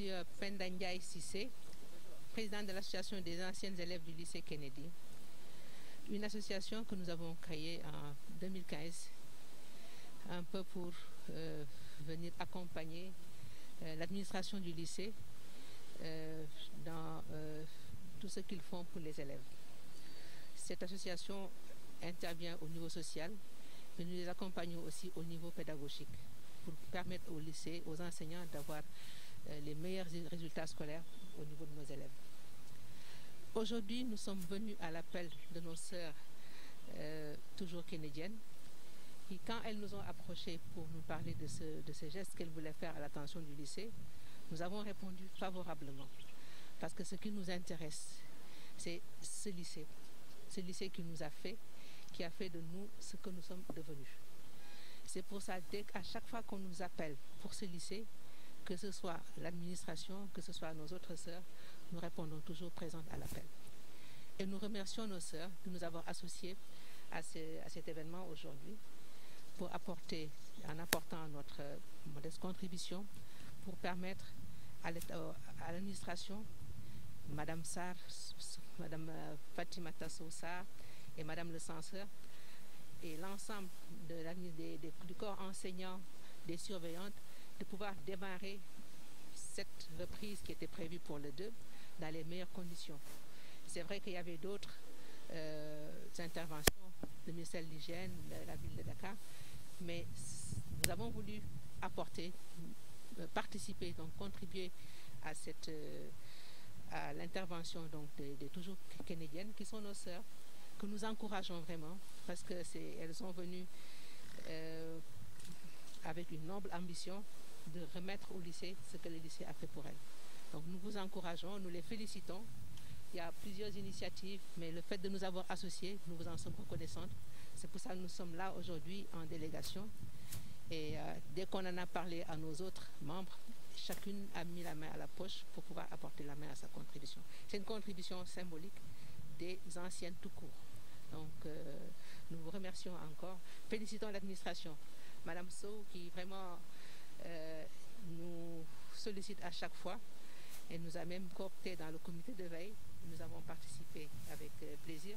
Monsieur Penda Ndiaye Sissé, président de l'association des anciens élèves du lycée Kennedy. Une association que nous avons créée en 2015, un peu pour euh, venir accompagner euh, l'administration du lycée euh, dans euh, tout ce qu'ils font pour les élèves. Cette association intervient au niveau social, mais nous les accompagnons aussi au niveau pédagogique pour permettre au lycée, aux enseignants d'avoir Euh, les meilleurs résultats scolaires au niveau de nos élèves. Aujourd'hui, nous sommes venus à l'appel de nos sœurs, euh, toujours kényanes, qui, quand elles nous ont approchés pour nous parler de ce, de ce geste qu'elles voulaient faire à l'attention du lycée, nous avons répondu favorablement. Parce que ce qui nous intéresse, c'est ce lycée. Ce lycée qui nous a fait, qui a fait de nous ce que nous sommes devenus. C'est pour ça, dès, à chaque fois qu'on nous appelle pour ce lycée, que ce soit l'administration, que ce soit nos autres sœurs, nous répondons toujours présentes à l'appel. Et nous remercions nos sœurs de nous avoir associés à, cet événement aujourd'hui pour apporter, en apportant notre contribution, pour permettre à l'administration, Madame Sarr, Madame euh, Fatima Tassoussa et Madame le censeur, et l'ensemble des, des, du corps enseignant, des surveillantes, de pouvoir démarrer cette reprise qui était prévue pour le 2 dans les meilleures conditions. C'est vrai qu'il y avait d'autres euh, interventions, le ministère de l'Hygiène, la ville de Dakar, mais nous avons voulu apporter, euh, participer, donc contribuer à cette euh, à l'intervention donc des, toujours canadiennes qui sont nos sœurs, que nous encourageons vraiment parce que c'est elles sont venues euh, avec une noble ambition de remettre au lycée ce que le lycée a fait pour elle. Donc nous vous encourageons, nous les félicitons. Il y a plusieurs initiatives, mais le fait de nous avoir associés, nous vous en sommes reconnaissantes. C'est pour ça que nous sommes là aujourd'hui en délégation. Et euh, dès qu'on en a parlé à nos autres membres, chacune a mis la main à la poche pour pouvoir apporter la main à sa contribution. C'est une contribution symbolique des anciennes tout court. Donc, euh, nous vous remercions encore. Félicitons l'administration. Madame Sow, qui vraiment Euh, nous sollicite à chaque fois et nous a même coopté dans le comité de veille. Nous avons participé avec euh, plaisir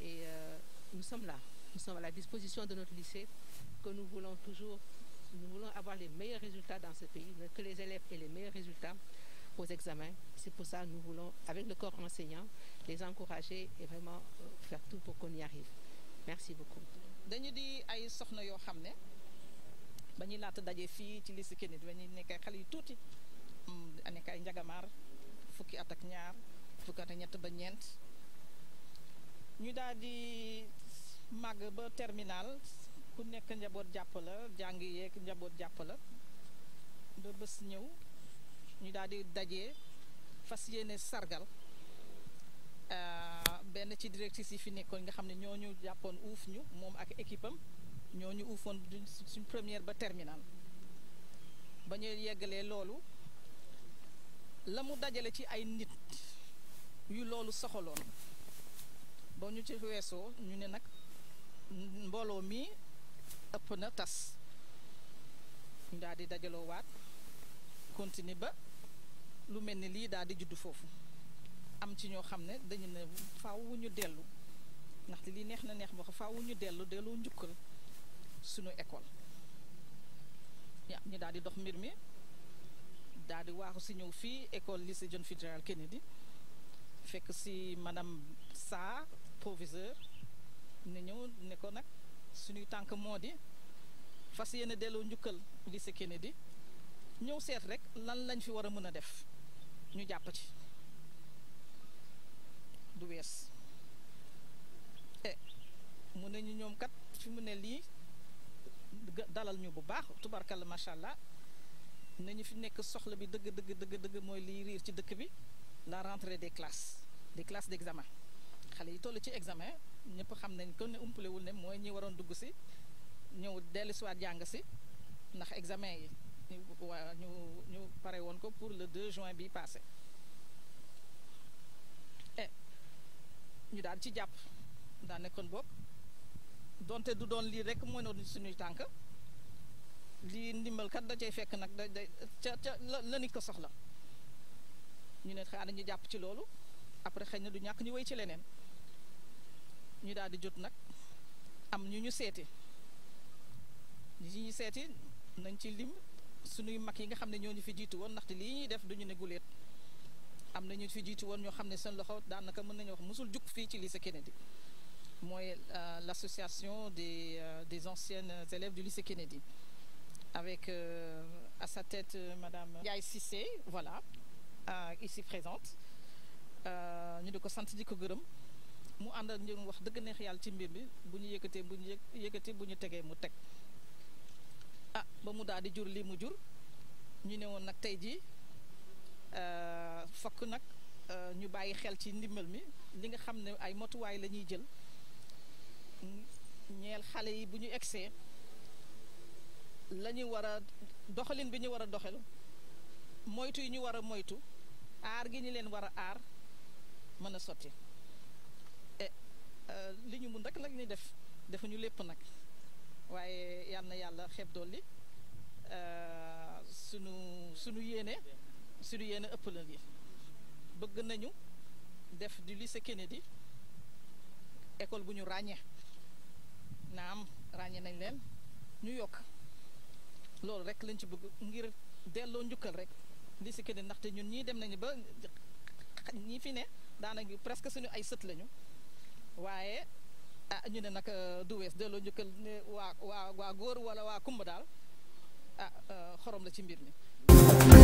et euh, nous sommes là. Nous sommes à la disposition de notre lycée que nous voulons toujours, nous voulons avoir les meilleurs résultats dans ce pays, que les élèves aient les meilleurs résultats aux examens. C'est pour ça que nous voulons, avec le corps enseignant, les encourager et vraiment pour qu'on y arrive. Merci beaucoup. ba ñuy laata daje fii ci lycée Kennedy ba ñuy nekk ay xale yu tuuti mm, nekk ay njagamaar fukki at ak ñaar fukki at ak ñett ba ñeent ñu daal di màgg ba terminal ku nekk njaboot jàpp jàng yeeg njaboot jàppala la ba bés ñëw ñu daal di daje fas yéene sargal euh, benn ci directrice yi fi nekkoon nga xam ne ñoo ñu jàppoon uuf ñu moom ak équipe ñoo ñu uufoon suñ première ba terminal ba ñuy yeggalee loolu la mu dajale ci ay nit yu loolu soxaloon ba ñu ci weesoo ñu ne nag mbooloo mi ëpp na tas ñu daal di dajaloo waat continuer ba lu mel ni lii daal di judd foofu am ci ñoo xam ne dañu ne faaw wu ñu dellu ndaxte lii neex na neex boo faw wu ñu dellu delloo njukkal suñu école ñu daal di dox mbir mi daal di waaxu si ñëw fii école lycée John Fitzgerald Kennedy fekk si madame Sarr proviseur ne ñëw ne ko nag suñuy tànk moo di fas yéene delloo njukkal lycée Kennedy ñëw seet rek lan lañ fi war a mën a def ñu jàpp ci du wees e mu ne ñu ñoom kat fi mu ne lii dalal ñu bu baax tubarkalla macha allah na ñu fi nekk soxla bi dëgg dëgg dëgg dëgg mooy liy riir ci dëkk bi la rentré des classes des classes d' xale yi toll ci examen ñëpp xam nañ ko ne umpalewul ne mooy ñi waroon dugg si ñëw dellu si waat jàng si ndax examen yi waa ñu pare woon ko pour le 2 juin bi passé eh, ñu daal ci jàpp daa nekkoon bopp donte du doon lii rek moo noonu suñuy tànk lii ndimbalkat da cay fekk nag da ca ca la nit ko soxla ñu ne xaar ñu jàpp ci loolu après xëy na du ñàkk ñu wéy ci leneen ñu daal di jot nag am ñu ñu seeti ñi ñu seeti nañ ci lim suñuy mag yi nga xam ne ñoo ñu fi jiitu woon ndaxte lii ñuy def du ñu ne guleet am na ñu fi jiitu woon ñoo xam ne seen loxo daanaka mën nañu wax mosul jukk fii ci sa lycée Kennedy mooy euh, l'association des euh, des anciennes élèves du lycée Kennedy avec euh, à sa tête madame Ndiaye Cissé voilà ici présente ñu di ko sant di ko gërëm mu ànd ak ñu wax dëgg neex yàlla ci mbir bi bu ñu yëkkatee bu ñu yëkkatee bu ñu tegee mu teg ah ba mu daal di jur lii mu jur ñu ne woon nag tey jii fokk nag ñu bàyyi xel ci ndimbal mi li nga xam ne ay motuwaay la ñuy jël ñeel xale yi bu ñu egsee la ñu war a doxalin bi ñu war a doxal moytu yi ñu war a moytu aar gi ñu leen war a aar mën a sotti eh, euh, li ñu mun rek nag ni def defuñu lépp nag waaye yal na yàlla xeeb dolli euh, sunu sunu yéene sunu yéene ëpp la bëgg nañu def du lycée Kennedy école bu ñu ràññee naam ràññee nañ leen ñu yokk loolu rek lañ ci bugg ngir delloo njukkal rek li si kenn ndaxte ñun ñii dem nañu ba ñi fi ne daanaka presque suñu ay sët lañu waaye ah ñu ne nag euh, du wees delloo njukkal ne waa waa waa góor wala waa kumba daal ah euh, xorom la ci mbir mi.